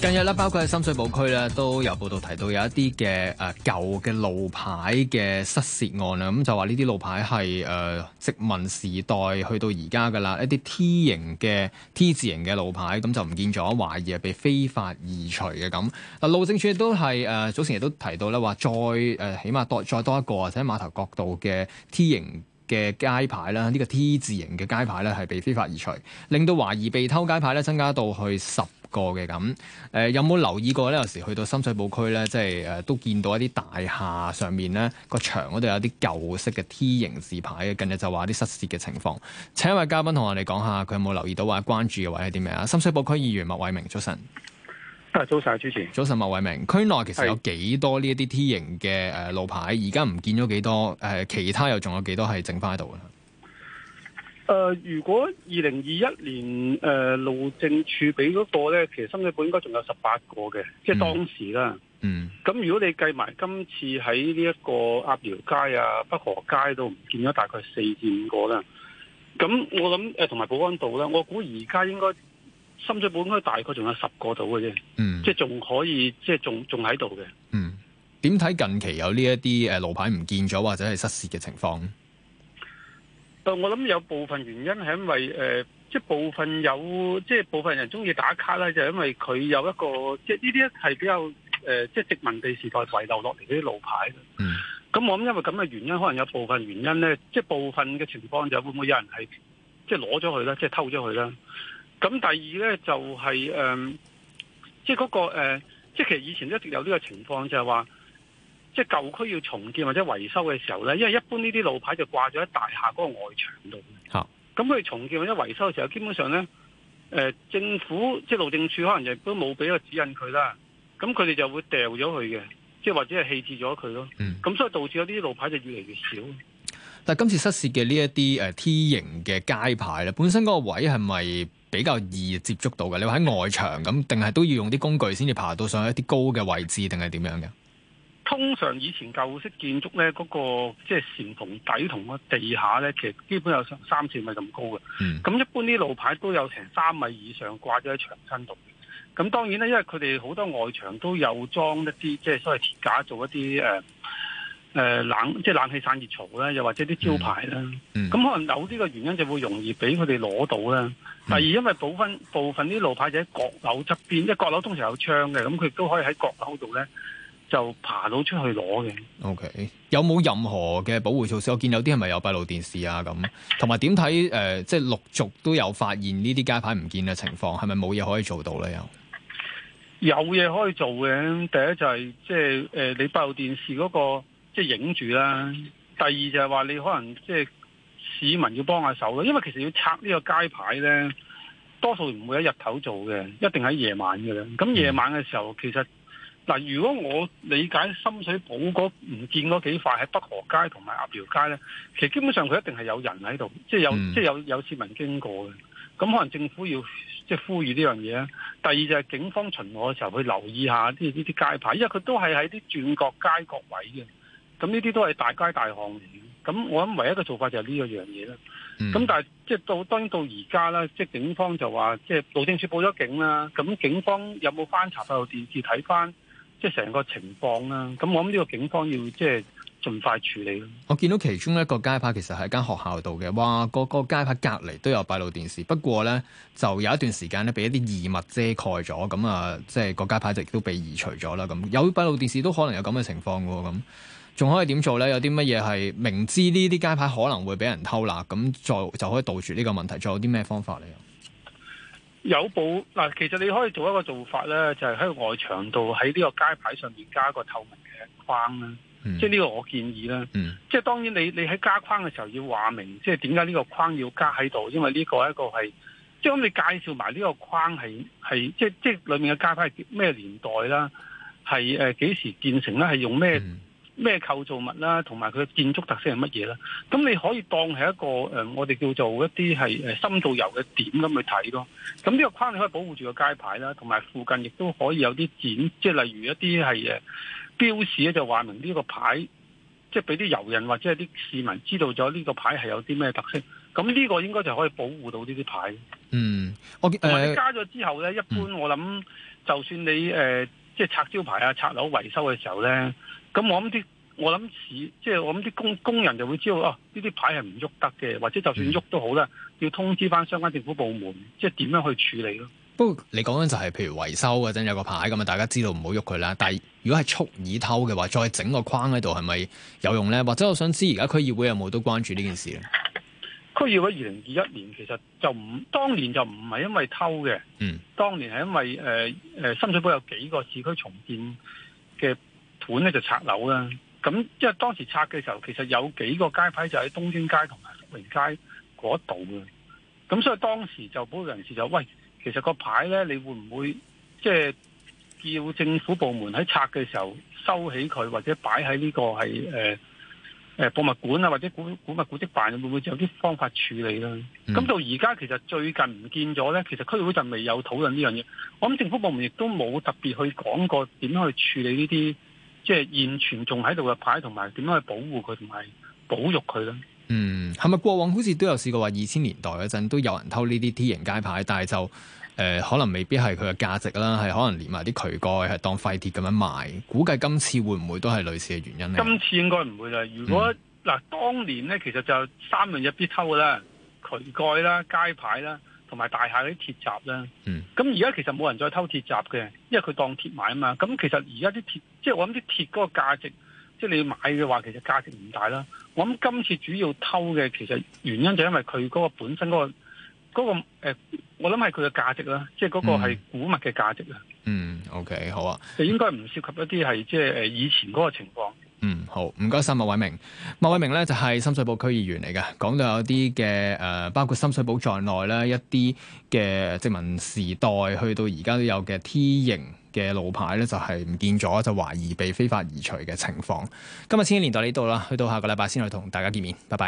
近日咧，包括喺深水埗區咧，都有報道提到有一啲嘅誒舊嘅路牌嘅失竊案啊！咁、嗯、就話呢啲路牌係誒、呃、殖民時代去到而家噶啦，一啲 T 型嘅 T 字型嘅路牌咁就唔見咗，懷疑係被非法移除嘅咁。嗱，路政署亦都係誒早前亦都提到咧，話再誒、呃、起碼多再多一個或者碼頭角度嘅 T 型嘅街牌啦，呢、呢個 T 字型嘅街牌咧係被非法移除，令到懷疑被偷街牌咧增加到去十個嘅咁，有冇留意過呢？有時候去到深水埗區呢即係、呃、都見到一啲大廈上面呢個牆嗰度有啲舊式嘅 T 型字牌嘅。近日就話啲失竊嘅情況，請一位嘉賓同我哋講下佢有冇留意到話關注嘅位係啲咩啊？深水埗區議員麥偉明，早晨。早晨早晨，麥偉明。區內其實有幾多呢一啲 T 型嘅誒、呃、路牌？而家唔見咗幾多、呃？其他又仲有幾多係剩翻喺度？誒、呃，如果二零二一年誒、呃、路政署俾嗰個咧，其實深水埗應該仲有十八個嘅，嗯、即係當時啦。嗯。咁如果你計埋今次喺呢一個鴨寮街啊、北河街都唔見咗大概四至五個啦。咁我諗誒同埋保安道啦，我估而家應該深水埗應該大概仲有十個到嘅啫。嗯。即係仲可以，即係仲仲喺度嘅。嗯。點睇近期有呢一啲誒路牌唔見咗或者係失竊嘅情況？但我諗有部分原因係因為誒、呃，即係部分有，即係部分人中意打卡咧，就係、因為佢有一個，即係呢啲係比較誒、呃，即係殖民地時代遺留落嚟啲路牌。嗯，咁我諗因為咁嘅原因，可能有部分原因咧，即係部分嘅情況就會唔會有人係即係攞咗佢咧，即係偷咗佢啦。咁第二咧就係、是、誒、呃，即係、那、嗰個誒、呃，即係其實以前一直有呢個情況就係、是、話。即係舊區要重建或者維修嘅時候咧，因為一般呢啲路牌就掛咗喺大廈嗰個外牆度。好，咁佢重建或者維修嘅時候，基本上咧，誒、呃，政府即係路政署可能亦都冇俾個指引佢啦。咁佢哋就會掉咗佢嘅，即係或者係棄置咗佢咯。咁、嗯、所以導致咗呢啲路牌就越嚟越少。但係今次失事嘅呢一啲誒 T 型嘅街牌咧，本身嗰個位係咪比較易接觸到嘅？你話喺外牆咁，定係都要用啲工具先至爬到上一啲高嘅位置，定係點樣嘅？通常以前舊式建築咧，嗰、那個即係檐篷同底同個地下咧，其實基本有三三四米咁高嘅。咁、嗯、一般啲路牌都有成三米以上掛咗喺牆身度。咁當然咧，因為佢哋好多外牆都有裝一啲即係所謂鐵架做一啲誒誒冷即係冷氣散熱槽咧，又或者啲招牌咧。咁、嗯嗯、可能有啲個原因就會容易俾佢哋攞到啦。第二，因為部分部分啲路牌就喺閣樓側邊，即係閣樓通常有窗嘅，咁佢都可以喺閣樓度咧。就爬到出去攞嘅。OK，有冇任何嘅保護措施？我見有啲係咪有閉路電視啊咁，同埋點睇？誒，即係陸續都有發現呢啲街牌唔見嘅情況，係咪冇嘢可以做到咧？有有嘢可以做嘅。第一就係即係誒，你閉路電視嗰個即係影住啦。第二就係話你可能即係市民要幫下手咯，因為其實要拆呢個街牌咧，多數唔會喺日頭做嘅，一定喺夜晚嘅啦。咁夜晚嘅時候其實。嗯嗱，如果我理解深水埗嗰唔見嗰幾塊喺北河街同埋鴨寮街咧，其實基本上佢一定係有人喺度，即係有、mm. 即係有有市民經過嘅。咁可能政府要即係呼籲呢樣嘢咧。第二就係警方巡邏嘅時候去留意下呢呢啲街牌，因為佢都係喺啲轉角街角位嘅。咁呢啲都係大街大巷嚟嘅。咁我諗唯一嘅做法就係呢一樣嘢啦。咁、mm. 但係即係到當然到而家啦，即係警方就話即係路政署報咗警啦。咁警方有冇翻查閉路電視睇翻？即係成個情況啦，咁我諗呢個警方要即係盡快處理咯。我見到其中一個街牌其實係間學校度嘅，嘩，個個街牌隔離都有閉路電視，不過呢，就有一段時間呢，被一啲異物遮蓋咗，咁啊即係個街牌就亦都被移除咗啦。咁有閉路電視都可能有咁嘅情況喎，咁仲可以點做呢？有啲乜嘢係明知呢啲街牌可能會俾人偷啦，咁再就可以杜絕呢個問題，再有啲咩方法呢？有保嗱，其實你可以做一個做法咧，就係、係、喺外牆度喺呢個街牌上面加一個透明嘅框啦，嗯、即係呢個我建議啦。嗯、即係當然你你喺加框嘅時候要話明，即係點解呢個框要加喺度，因為呢個係一個係即係咁你介紹埋呢個框係係即係即係裏面嘅街牌係咩年代啦，係誒幾時建成咧，係用咩？嗯咩構造物啦，同埋佢嘅建築特色係乜嘢咧？咁你可以當係一個、呃、我哋叫做一啲係誒深度遊嘅點咁去睇咯。咁呢個框你可以保護住個街牌啦，同埋附近亦都可以有啲展，即係例如一啲係誒標示咧，就話明呢個牌，即係俾啲遊人或者係啲市民知道咗呢個牌係有啲咩特色。咁呢個應該就可以保護到呢啲牌。嗯，我同埋你加咗之後咧，嗯、一般我諗，就算你、呃即係拆招牌啊、拆樓維修嘅時候咧，咁我諗啲，我諗市，即係我諗啲工工人就會知道哦，呢、啊、啲牌係唔喐得嘅，或者就算喐都好啦，要通知翻相關政府部門，即係點樣去處理咯。嗯、不過你講緊就係、是、譬如維修嗰陣有個牌咁啊，大家知道唔好喐佢啦。但係如果係蓄意偷嘅話，再整個框喺度係咪有用咧？或者我想知而家區議會有冇都關注呢件事咧？ 都要喺二零二一年，其實就唔當年就唔係因為偷嘅，嗯、當年係因為誒誒、呃、深水埗有幾個市區重建嘅盤咧就拆樓啦。咁即係當時拆嘅時候，其實有幾個街牌就喺東京街同埋福榮街嗰度嘅。咁所以當時就保護人士就喂，其實個牌咧，你會唔會即係、就是、叫政府部門喺拆嘅時候收起佢，或者擺喺呢個係、呃誒博物館啊，或者古古物古蹟辦會唔會有啲方法處理咧？咁、嗯、到而家其實最近唔見咗咧，其實區議會就未有討論呢樣嘢。我諗政府部門亦都冇特別去講過點樣去處理呢啲即係現存仲喺度嘅牌，同埋點樣去保護佢同埋保育佢咧。嗯，係咪過往好似都有試過話二千年代嗰陣都有人偷呢啲 T 型街牌，但係就。誒、呃，可能未必係佢嘅價值啦，係可能連埋啲渠蓋，係當廢鐵咁樣賣。估計今次會唔會都係類似嘅原因呢？今次應該唔會啦。如果嗱、嗯啊，當年咧其實就三樣嘢必偷啦，渠蓋啦、街牌啦，同埋大廈啲鐵閘啦。嗯。咁而家其實冇人再偷鐵閘嘅，因為佢當鐵買啊嘛。咁其實而家啲鐵，即係我諗啲鐵嗰個價值，即係你要買嘅話，其實價值唔大啦。我諗今次主要偷嘅，其實原因就係因為佢嗰個本身嗰、嗰個。嗰個誒，我諗係佢嘅價值啦，即係嗰個係古物嘅價值啊。嗯，OK，好啊。就應該唔涉及一啲係即係誒以前嗰個情況。嗯，好，唔該曬，麥偉明。麥偉明咧就係深水埗區議員嚟嘅，講到有啲嘅誒，包括深水埗在內咧，一啲嘅殖民時代去到而家都有嘅 T 型嘅路牌咧，就係唔見咗，就懷疑被非法移除嘅情況。今日《千禧年代》呢度啦，去到下個禮拜先去同大家見面，拜拜。